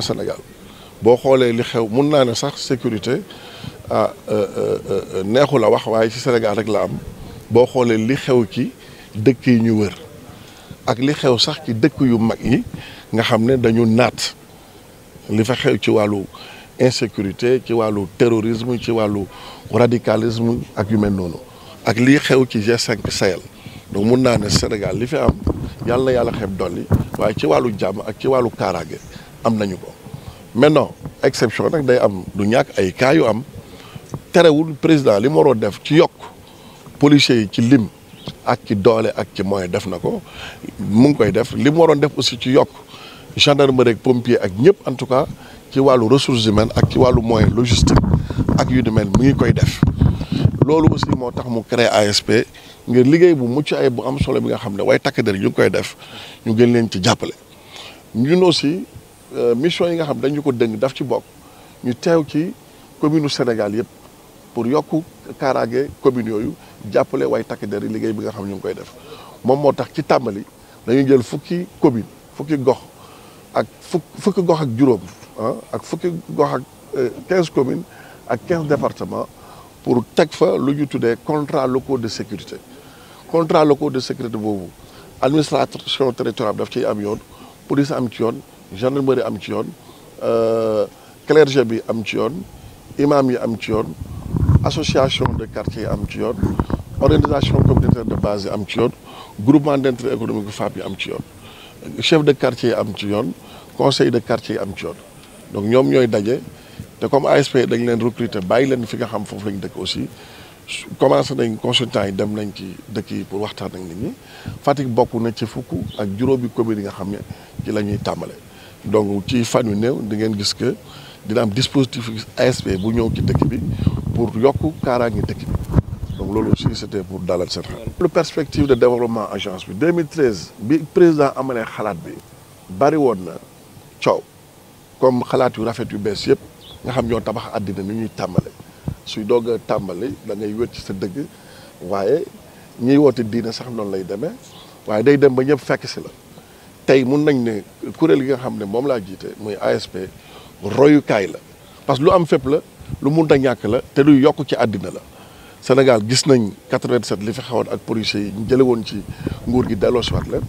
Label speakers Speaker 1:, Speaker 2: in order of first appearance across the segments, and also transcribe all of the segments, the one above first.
Speaker 1: Sénégal boo xoolee li xew mun naa ne sax sécurité ah euh, euh, euh, neexu la wax waaye ci Sénégal rek la am boo xoolee li xew ci dëkk yi ñu wër ak li xew sax ci dëkk yu mag yi nga xam ne dañu naat li fa xew ci wàllu insécurité ci wàllu terrorisme ci wàllu radicalisme ak yu mel noonu ak lii xew ci G5 Sahel donc mun naa ne Sénégal li fi am yàlla na yàlla xeeb dolli waaye ci wàllu jàmm ak ci wàllu kaaraange am nañu ko maintenant exception nag day am lu ñàkk ay cas yu am terewul président li mu waroon def ci yokk policiers yi ci lim ak ci doole ak ci moyen def na ko mu ngi koy def li mu waroon def aussi ci yokk ma rek pompier ak ñëpp en tout cas ci wàllu ressources humaines ak ci wàllu moyen logistique ak yu ni mel mu ngi koy def loolu aussi moo tax mu créé ASP ngir liggéey bu mucc ay bu am solo bi nga xam ne waaye takk der ñu ngi koy def ñu gën leen ci jàppale Euh, mission yi nga xam dañu ko dëng daf ci bokk ñu teew ci commune Sénégal yëpp pour yokk kaaraange communes yooyu jàppale way takk der liggéey bi nga xam ñu ngi koy def moom moo tax ci tàmbali dañuy jël fukki commune fukki gox ak fukk fukki gox ak juróom ah, ak fukki gox ak euh, quinze commune ak quinze département pour teg fa lu ñu tuddee contrat locaux de sécurité contrat locaux de sécurité boobu administration territoriale daf ciy am yoon police am ci yoon gendarmerie am ci yoon euh, clergé bi am ci yoon imam yi am ci yoon association de quartier yi am ci yoon organisation communautaire de base yi am ci yoon groupement d'intérêt économique FAP yi am ci yoon chef de quartier yi am ci yoon conseil de quartier yi am ci yoon donc ñoom ñooy daje te comme ASP dañ leen recruter bàyyi leen fi nga xam foofu lañ dëkk aussi commencé nañ consultants yi dem nañ ci dëkk yi pour waxtaan ak nit ñi Fatick bokk na ci fukk ak juróomi commune yi nga xam ne ci la ñuy tàmbalee. donc ci fan yu néew di ngeen gis que dina am dispositif ASP bu ñëw ci dëkk bi pour yokk kaaraange dëkk bi donc loolu aussi c' pour dalal seen xel. le perspective de développement agence bi bi président amalee xalaat bi bari woon na coow comme xalaat yu rafet yu bees yëpp nga xam ñoo tabax àddina ni ñuy tàmbale suy doog tàmbali da ngay wér ci sa dëgg waaye ñiy woote diina sax noonu lay demee waaye day dem ba ñëpp fekk si la. tey mun nañ ne kuréel gi nga xam ne moom laa jiite muy ASP royukaay la parce que lu am fépp la lu mun a ñàkk la te lu yokk ci àddina la Sénégal gis nañ 87 li fi xewoon ak policiers yi ñu woon ci nguur gi delloosiwaat leen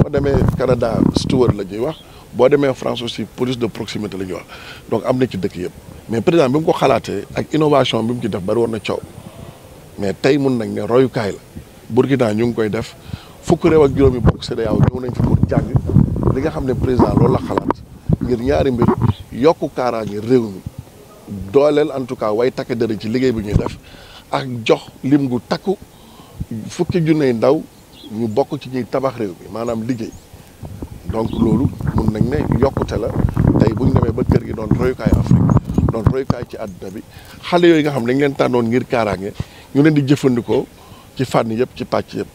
Speaker 1: boo demee Canada steward la ñuy wax boo demee France aussi police de proximité la ñuy wax donc am na ci dëkk yëpp mais président bi mu ko xalaatee ak innovation bi mu ci def bari woon na coow mais tey mun nañ ne royukaay la Burkina ñu ngi koy def fukk réew ak juróomi bokk CEDEAO ñëw nañ fi pour jàng li nga xam ne président loolu la xalaat ngir ñaari mbir yokku kaaraange réew mi dooleel en tout cas way takk dëri ci liggéey bi ñuy def ak jox lim gu takku fukki junney ndaw ñu bokk ci ñuy tabax réew mi maanaam liggéey donc loolu mun nañ ne yokkute la tey buñ ñu demee ba kër gi doon royukaay Afrique doon royukaay ci àdduna bi xale yooyu nga xam ne dañ leen tànnoon ngir kaaraange ñu leen di jëfandikoo ci fànn yëpp ci pàcc yëpp.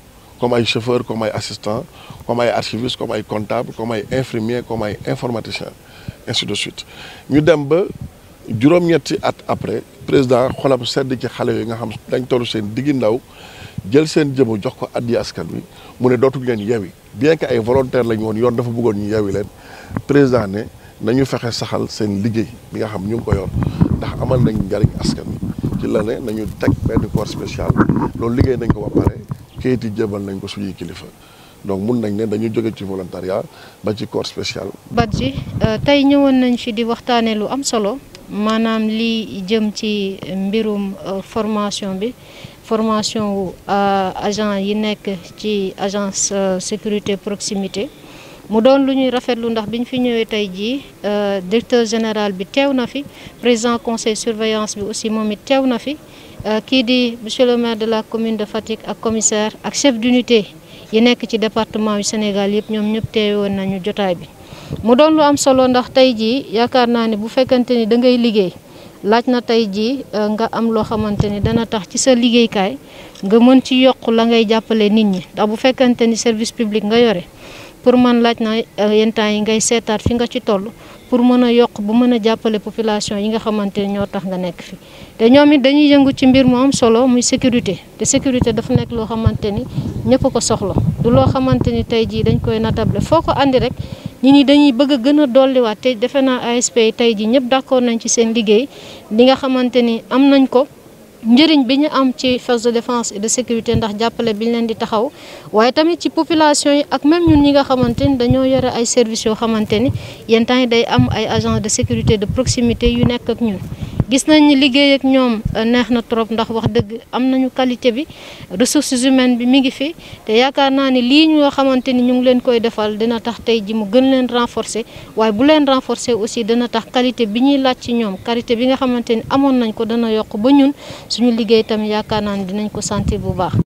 Speaker 1: comme ay chauffeur comme ay assistant comme ay archiviste comme ay comptable comme ay infirmier comme ay informaticien ainsi de suite ñu dem ba juróom-ñetti at après président xolam sedd ci xale yooyu nga xam dañ tollu seen diggi ndaw jël seen jëmm jox ko addi askan bi mu ne dootuñ leen yewi bien que ay volontaire lañ woon yoon dafa bëggoon ñu yewi leen président ne nañu fexe saxal seen liggéey bi nga xam ñu ngi ko yor ndax amal nañu njariñ askan wi ci la ne nañu teg benn corps spécial loolu liggéey nañ ko ba pare kayit yi jébal nañ ko suñuy kilifa donc mun nañ ne dañu jóge ci volontariat ba ci corps spécial.
Speaker 2: Badji euh, tey ñëwoon nañ fi di waxtaanee lu am solo maanaam li jëm ci mbirum euh, formation bi formation wu euh, agent yi nekk ci agence sécurité proximité mu doon lu ñuy rafetlu ndax bi ñu fi ñëwee tey jii directeur général bi teew na fi président conseil surveillance bi aussi moom it teew na fi. Euh, kii di monsieur de la commune de Fatick ak commissaire ak chef d'unité yi nekk ci département yu Sénégal yëpp ñoom ñëpp teewoon nañu jotaay bi mu doon lu am solo ndax tey jii yaakaar naa ne bu fekkante ni da ngay liggéey laaj na tey jii euh, nga am loo xamante ni dana tax ci sa liggéeykaay nga mën ci yokk la ngay jàppale nit ñi ndax bu fekkante ni service public nga yore pour man laaj na euh, yenn temps yi ngay seetaat fi nga ci toll pour mën a yokk bu mën a jàppale population yi nga xamante ne ñoo tax nga nekk fi te ñoom it dañuy yëngu ci mbir moom solo muy sécurité te sécurité dafa nekk loo xamante ni ñëpp ko soxla loo xamante ni tey jii dañ koy natable foo ko andi rek nit ñi dañuy bëgg a gën a dolliwaat te defe naa ASP yi tey jii ñëpp d'accord nañ ci seen liggéey li nga xamante ni am nañ ko. njëriñ bi ñu am ci force de défense de sécurité ndax jàppale bi leen di taxaw waaye tamit ci population yi ak même ñun ñi nga xamante ni dañoo yore ay service yoo xamante ni yenn temps yi day am ay agent de sécurité de proximité yu nekk ak ñun. gis nañ ni liggéey ñoom euh, neex na trop ndax wax dëgg am nañu qualité bi ressources humaines bi mi ngi fi te yaakaar naa ni lii ñoo xamante ni ñu ngi leen koy defal dina tax tey ji mu gën leen renforcer waaye bu leen renforcer aussi dana tax qualité bi ñuy laaj ci ñoom qualité bi nga xamante ni amoon nañ ko dana yokk ba ñun suñu liggéey tamit yaakaar naa ni dinañ ko sentir bu baax.